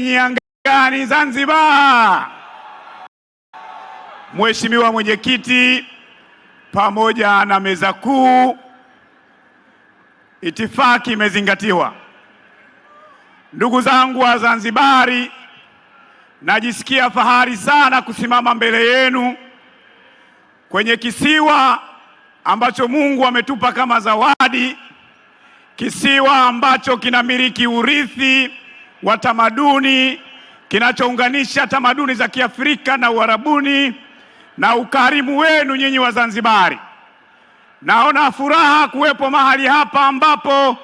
nyinyi angani Zanzibar. Mheshimiwa Mwenyekiti pamoja na meza kuu, itifaki imezingatiwa. Ndugu zangu wa Zanzibari, najisikia fahari sana kusimama mbele yenu kwenye kisiwa ambacho Mungu ametupa kama zawadi, kisiwa ambacho kinamiliki urithi wa tamaduni kinachounganisha tamaduni za Kiafrika na Uarabuni na ukarimu wenu nyinyi Wazanzibari. Naona furaha kuwepo mahali hapa ambapo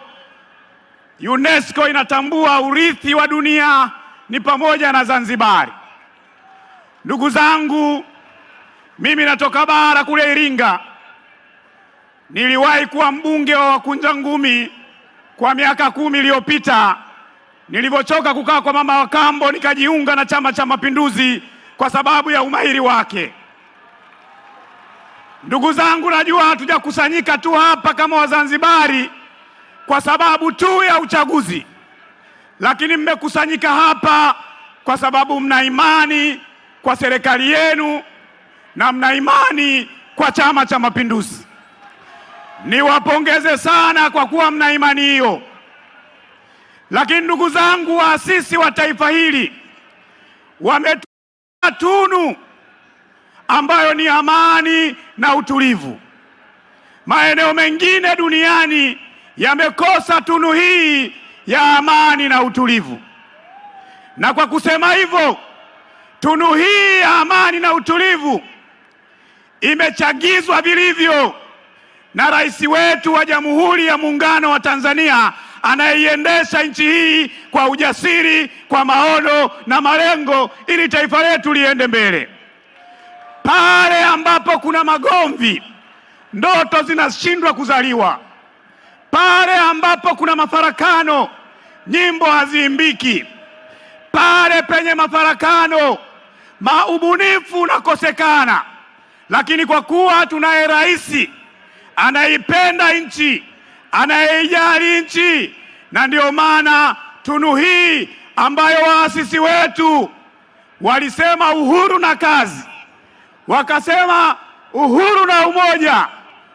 UNESCO inatambua urithi wa dunia ni pamoja na Zanzibari. Ndugu zangu, mimi natoka bara kule Iringa. Niliwahi kuwa mbunge wa Wakunja Ngumi kwa miaka kumi iliyopita Nilivyochoka kukaa kwa mama wa kambo, nikajiunga na Chama cha Mapinduzi kwa sababu ya umahiri wake. Ndugu zangu, najua hatujakusanyika tu hapa kama Wazanzibari kwa sababu tu ya uchaguzi, lakini mmekusanyika hapa kwa sababu mna imani kwa serikali yenu na mna imani kwa Chama cha Mapinduzi. Niwapongeze sana kwa kuwa mna imani hiyo. Lakini ndugu zangu, waasisi wa taifa hili wametua tunu ambayo ni amani na utulivu. Maeneo mengine duniani yamekosa tunu hii ya amani na utulivu, na kwa kusema hivyo, tunu hii ya amani na utulivu imechagizwa vilivyo na rais wetu wa Jamhuri ya Muungano wa Tanzania anayeiendesha nchi hii kwa ujasiri, kwa maono na malengo, ili taifa letu liende mbele. Pale ambapo kuna magomvi, ndoto zinashindwa kuzaliwa. Pale ambapo kuna mafarakano, nyimbo haziimbiki. Pale penye mafarakano, maubunifu unakosekana. Lakini kwa kuwa tunaye rais anaipenda nchi, anayeijali nchi na ndiyo maana tunu hii ambayo waasisi wetu walisema uhuru na kazi, wakasema uhuru na umoja.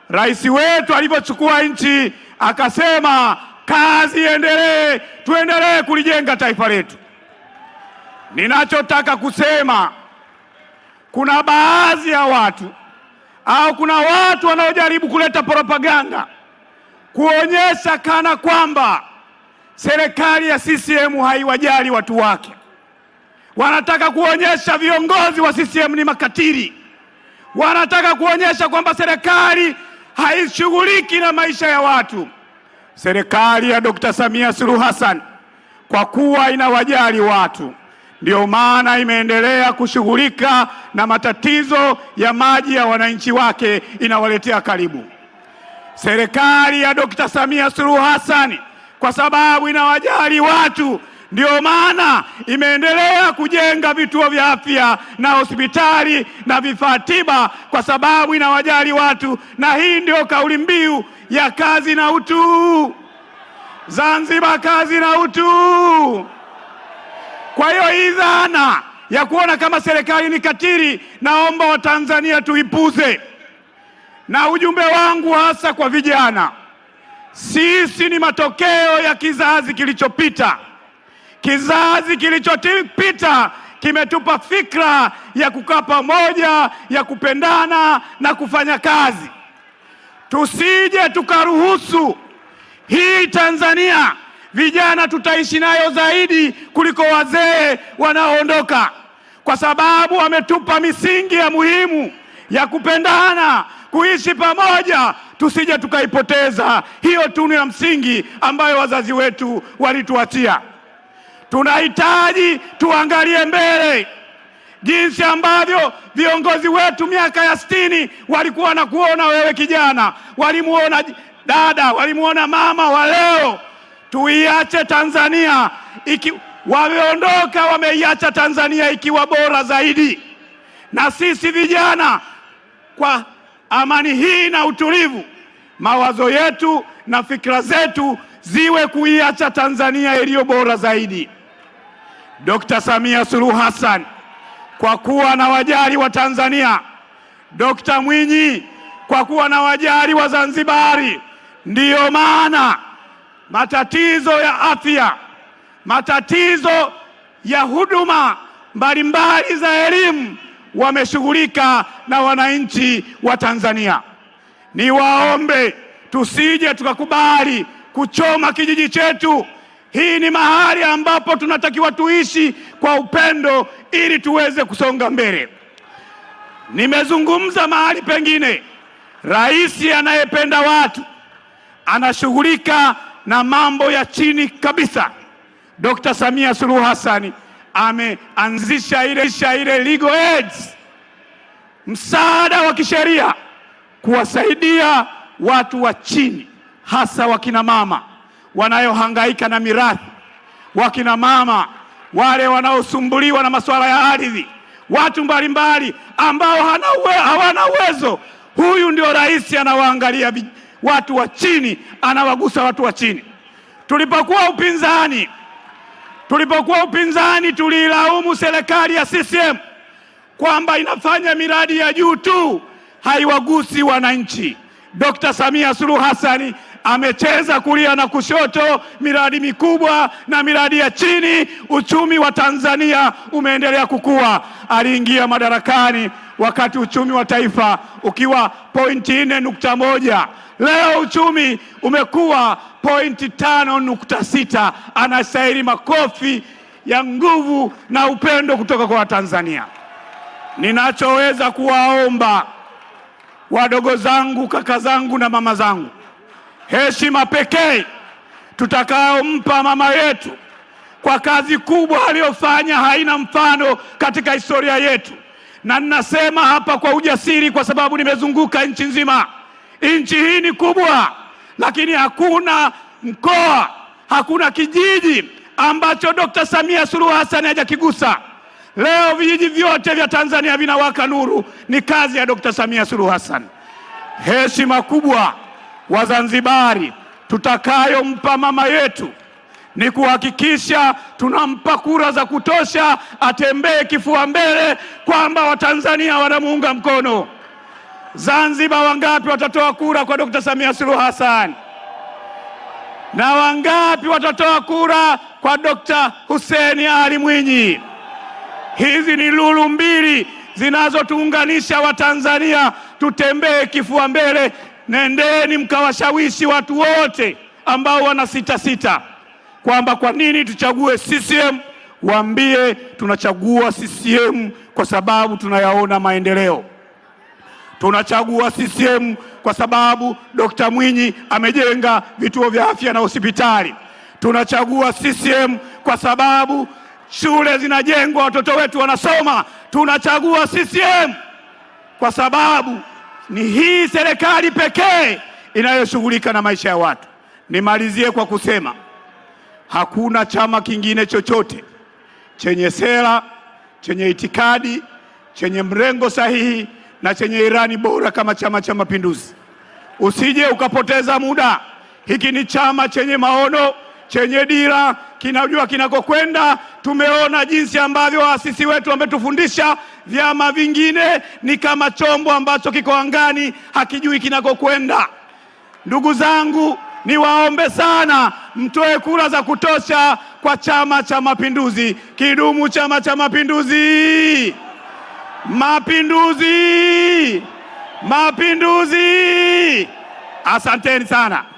Rais wetu alipochukua nchi akasema kazi iendelee, tuendelee kulijenga taifa letu. Ninachotaka kusema kuna baadhi ya watu au kuna watu wanaojaribu kuleta propaganda kuonyesha kana kwamba Serikali ya CCM haiwajali watu wake, wanataka kuonyesha viongozi wa CCM ni makatili, wanataka kuonyesha kwamba serikali haishughuliki na maisha ya watu. Serikali ya Dr. Samia Suluhu Hassan kwa kuwa inawajali watu, ndiyo maana imeendelea kushughulika na matatizo ya maji ya wananchi wake, inawaletea karibu. Serikali ya Dr. Samia Suluhu Hassan kwa sababu inawajali watu. Ndiyo maana imeendelea kujenga vituo vya afya na hospitali na vifaa tiba, kwa sababu inawajali watu, na hii ndio kauli mbiu ya kazi na utu. Zanzibar, kazi na utu. Kwa hiyo hii dhana ya kuona kama serikali ni katili, naomba Watanzania tuipuze, na ujumbe wangu hasa kwa vijana sisi ni matokeo ya kizazi kilichopita. Kizazi kilichopita kimetupa fikra ya kukaa pamoja, ya kupendana na kufanya kazi. Tusije tukaruhusu hii Tanzania vijana tutaishi nayo zaidi kuliko wazee wanaoondoka, kwa sababu wametupa misingi ya muhimu ya kupendana, kuishi pamoja tusije tukaipoteza hiyo tunu ya msingi ambayo wazazi wetu walituachia. Tunahitaji tuangalie mbele, jinsi ambavyo viongozi wetu miaka ya sitini walikuwa na kuona wewe kijana, walimuona dada, walimuona mama wa leo. Tuiache Tanzania iki wameondoka, wameiacha Tanzania ikiwa bora zaidi, na sisi vijana kwa amani hii na utulivu, mawazo yetu na fikra zetu ziwe kuiacha Tanzania iliyo bora zaidi. Dr. Samia Suluhu Hassan kwa kuwa na wajali wa Tanzania, Dr. Mwinyi kwa kuwa na wajali wa Zanzibari. Ndiyo maana matatizo ya afya, matatizo ya huduma mbalimbali za elimu wameshughulika na wananchi wa Tanzania. Niwaombe tusije tukakubali kuchoma kijiji chetu. Hii ni mahali ambapo tunatakiwa tuishi kwa upendo ili tuweze kusonga mbele. Nimezungumza mahali pengine, rais anayependa watu anashughulika na mambo ya chini kabisa. Dr. Samia Suluhu Hassan ameanzisha ile ile legal aids, msaada wa kisheria kuwasaidia watu wa chini, hasa wakina mama wanayohangaika na mirathi, wakina mama wale wanaosumbuliwa na masuala ya ardhi, watu mbalimbali ambao hawana uwezo. Huyu ndio rais anawaangalia watu wa chini, anawagusa watu wa chini. Tulipokuwa upinzani Tulipokuwa upinzani, tuliilaumu serikali ya CCM kwamba inafanya miradi ya juu tu, haiwagusi wananchi. Dkt. Samia Suluhu Hassan amecheza kulia na kushoto, miradi mikubwa na miradi ya chini. Uchumi wa Tanzania umeendelea kukua. Aliingia madarakani wakati uchumi wa taifa ukiwa pointi nne nukta moja leo uchumi umekuwa pointi tano nukta sita Anastahili makofi ya nguvu na upendo kutoka kwa Watanzania. Ninachoweza kuwaomba wadogo zangu, kaka zangu na mama zangu, heshima pekee tutakaompa mama yetu kwa kazi kubwa aliyofanya haina mfano katika historia yetu na ninasema hapa kwa ujasiri, kwa sababu nimezunguka nchi nzima. Nchi hii ni kubwa, lakini hakuna mkoa, hakuna kijiji ambacho Dkt. Samia Suluhu Hassan hajakigusa. Leo vijiji vyote vya Tanzania vinawaka nuru, ni kazi ya Dkt. Samia Suluhu Hassan. Heshima kubwa Wazanzibari tutakayompa mama yetu ni kuhakikisha tunampa kura za kutosha, atembee kifua mbele kwamba Watanzania wanamuunga mkono. Zanzibar wangapi watatoa kura kwa Dkt. Samia Suluhu Hassan? Na wangapi watatoa kura kwa Dkt. Hussein Ali Mwinyi? Hizi ni lulu mbili zinazotuunganisha Watanzania, tutembee kifua mbele. Nendeni mkawashawishi watu wote ambao wana sita sita kwamba kwa nini tuchague CCM, waambie tunachagua CCM kwa sababu tunayaona maendeleo. Tunachagua CCM kwa sababu Dokta Mwinyi amejenga vituo vya afya na hospitali. Tunachagua CCM kwa sababu shule zinajengwa, watoto wetu wanasoma. Tunachagua CCM kwa sababu ni hii serikali pekee inayoshughulika na maisha ya watu. Nimalizie kwa kusema Hakuna chama kingine chochote chenye sera, chenye itikadi, chenye mrengo sahihi na chenye irani bora kama Chama cha Mapinduzi. Usije ukapoteza muda. Hiki ni chama chenye maono, chenye dira, kinajua kinakokwenda. Tumeona jinsi ambavyo waasisi wetu wametufundisha. Vyama vingine ni kama chombo ambacho kiko angani, hakijui kinakokwenda. Ndugu zangu Niwaombe sana mtoe kura za kutosha kwa Chama cha Mapinduzi. Kidumu Chama cha Mapinduzi! Mapinduzi! Mapinduzi! Asanteni sana.